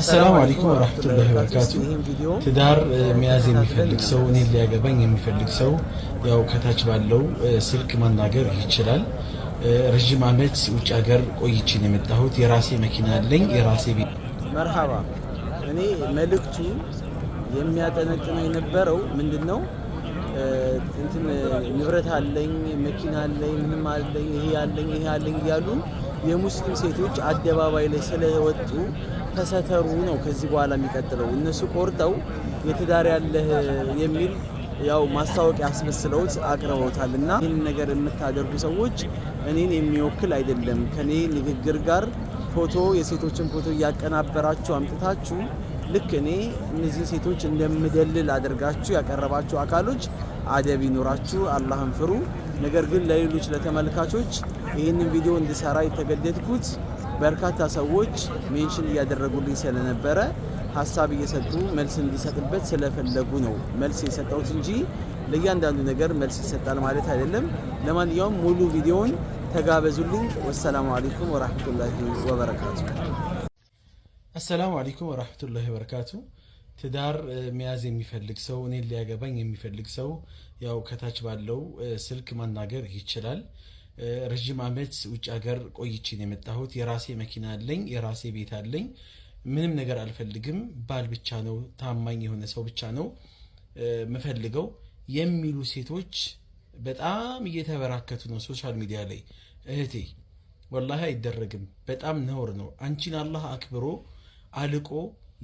አሰላሙ አለይኩም ወራህመቱላሂ ወበረካቱ። ትዳር መያዝ የሚፈልግ ሰው እኔ ሊያገባኝ የሚፈልግ ሰው ያው ከታች ባለው ስልክ ማናገር ይችላል። ረዥም ዓመት ውጭ ሀገር ቆይቼ ነው የመጣሁት። የራሴ መኪና አለኝ፣ የራሴ ቤት። መርሃባ። እኔ መልእክቱ የሚያጠነጥነው የነበረው ምንድን ነው እንትን ንብረት አለኝ፣ መኪና አለኝ፣ ምንም አለኝ፣ ይሄ አለኝ፣ ይሄ አለኝ እያሉ የሙስሊም ሴቶች አደባባይ ላይ ስለወጡ ተሰተሩ ነው ከዚህ በኋላ የሚቀጥለው። እነሱ ቆርጠው የትዳር ያለህ የሚል ያው ማስታወቂያ አስመስለውት አቅርበውታል። እና ይህን ነገር የምታደርጉ ሰዎች እኔን የሚወክል አይደለም። ከኔ ንግግር ጋር ፎቶ የሴቶችን ፎቶ እያቀናበራችሁ አምጥታችሁ ልክ እኔ እነዚህ ሴቶች እንደምደልል አድርጋችሁ ያቀረባችሁ አካሎች አደብ ይኑራችሁ፣ አላህን ፍሩ። ነገር ግን ለሌሎች ለተመልካቾች ይህንን ቪዲዮ እንድሰራ የተገደድኩት በርካታ ሰዎች ሜንሽን እያደረጉልኝ ስለነበረ ሀሳብ እየሰጡ መልስ እንዲሰጥበት ስለፈለጉ ነው መልስ የሰጠሁት እንጂ ለእያንዳንዱ ነገር መልስ ይሰጣል ማለት አይደለም። ለማንኛውም ሙሉ ቪዲዮውን ተጋበዙልኝ። ወሰላሙ አሌይኩም ወራህመቱላሂ ወበረካቱ። አሰላሙ አሌይኩም ወራህመቱላሂ ወበረካቱ። ትዳር መያዝ የሚፈልግ ሰው እኔን ሊያገባኝ የሚፈልግ ሰው ያው ከታች ባለው ስልክ ማናገር ይችላል። ረዥም ዓመት ውጭ ሀገር ቆይቼ ነው የመጣሁት። የራሴ መኪና አለኝ፣ የራሴ ቤት አለኝ። ምንም ነገር አልፈልግም። ባል ብቻ ነው፣ ታማኝ የሆነ ሰው ብቻ ነው ምፈልገው የሚሉ ሴቶች በጣም እየተበራከቱ ነው ሶሻል ሚዲያ ላይ። እህቴ ወላሂ አይደረግም፣ በጣም ነውር ነው። አንቺን አላህ አክብሮ አልቆ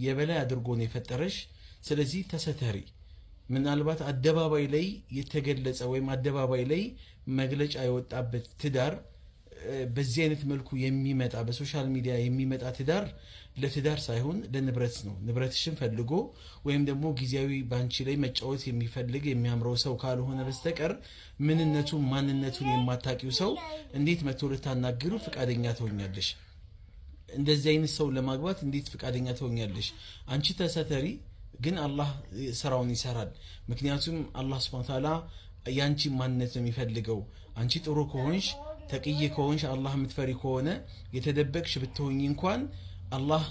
የበላይ አድርጎ ነው የፈጠረሽ። ስለዚህ ተሰተሪ ምናልባት አደባባይ ላይ የተገለጸ ወይም አደባባይ ላይ መግለጫ የወጣበት ትዳር በዚህ አይነት መልኩ የሚመጣ በሶሻል ሚዲያ የሚመጣ ትዳር ለትዳር ሳይሆን ለንብረት ነው። ንብረትሽን ፈልጎ ወይም ደግሞ ጊዜያዊ ባንቺ ላይ መጫወት የሚፈልግ የሚያምረው ሰው ካልሆነ በስተቀር ምንነቱን ማንነቱን የማታቂው ሰው እንዴት መቶ ልታናግሩ ፈቃደኛ ትሆኛለሽ? እንደዚህ አይነት ሰው ለማግባት እንዴት ፈቃደኛ ትሆኛለሽ? አንቺ ተሰተሪ ግን አላህ ስራውን ይሰራል። ምክንያቱም አላህ ስብሐነ ወተዓላ የአንቺ ማንነት ነው የሚፈልገው። አንቺ ጥሩ ከሆንሽ ተቅይ ከሆንሽ አላህ የምትፈሪ ከሆነ የተደበቅሽ ብትሆኝ እንኳን አላህ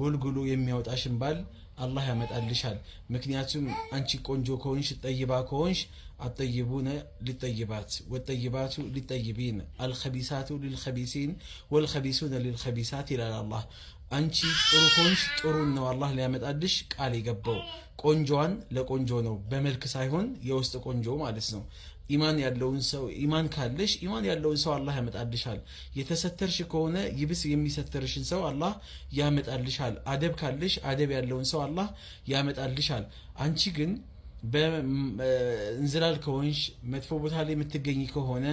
ጎልጉሎ የሚያወጣሽን ባል አላህ ያመጣልሻል። ምክንያቱም አንቺ ቆንጆ ከሆንሽ ጠይባ ከሆንሽ አጠይቡነ ሊጠይባት ወጠይባቱ ሊጠይቢን አልከቢሳቱ ልልከቢሲን ወልከቢሱነ ልልከቢሳት ይላል አላህ። አንቺ ጥሩ ከሆንሽ ጥሩን ነው አላህ ሊያመጣልሽ ቃል የገባው። ቆንጆዋን ለቆንጆ ነው በመልክ ሳይሆን የውስጥ ቆንጆ ማለት ነው። ኢማን ያለውን ሰው ኢማን ካለሽ ኢማን ያለውን ሰው አላህ ያመጣልሻል። የተሰተርሽ ከሆነ ይብስ የሚሰተርሽን ሰው አላህ ያመጣልሻል። አደብ ካለሽ አደብ ያለውን ሰው አላህ ያመጣልሻል። አንቺ ግን እንዝላል ከሆንሽ፣ መጥፎ ቦታ ላይ የምትገኝ ከሆነ፣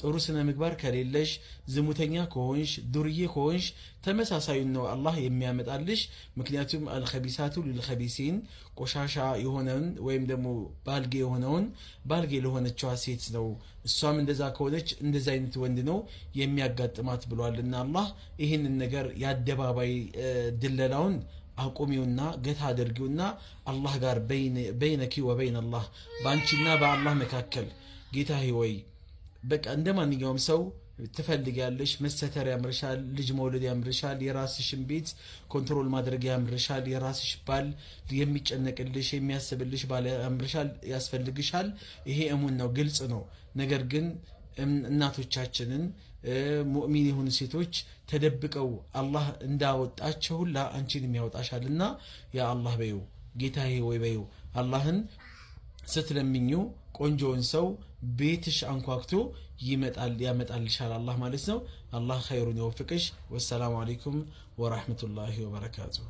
ጥሩ ስነ ምግባር ከሌለሽ፣ ዝሙተኛ ከሆንሽ፣ ዱርዬ ከሆንሽ ተመሳሳዩን ነው አላህ የሚያመጣልሽ። ምክንያቱም አልከቢሳቱ ልልከቢሲን ቆሻሻ የሆነውን ወይም ደግሞ ባልጌ የሆነውን ባልጌ ለሆነችዋ ሴት ነው። እሷም እንደዛ ከሆነች እንደዚ አይነት ወንድ ነው የሚያጋጥማት ብሏል እና አላህ ይህንን ነገር የአደባባይ ድለላውን አቁሚውና ገታ አድርጊውና አላህ ጋር በይነኪ ወበይን አላህ በአንቺና በአላህ መካከል ጌታ ወይ በቃ እንደ ማንኛውም ሰው ትፈልጊያለሽ፣ መሰተር ያምርሻል፣ ልጅ መውለድ ያምርሻል፣ የራስሽን ቤት ኮንትሮል ማድረግ ያምርሻል፣ የራስሽ ባል የሚጨነቅልሽ የሚያስብልሽ ባል ያምርሻል፣ ያስፈልግሻል። ይሄ እሙን ነው፣ ግልጽ ነው። ነገር ግን እናቶቻችንን ሙእሚን የሆኑ ሴቶች ተደብቀው አላህ እንዳወጣቸው ሁላ አንቺን የሚያወጣሻልና ያ አላህ በዩ ጌታዬ ወይ በዩ አላህን ስትለምኙ ቆንጆውን ሰው ቤትሽ አንኳክቶ ይመጣል ያመጣልሻል አላህ ማለት ነው። አላህ ኸይሩን ይወፍቅሽ። ወሰላሙ አለይኩም ወራህመቱላሂ ወበረካቱሁ።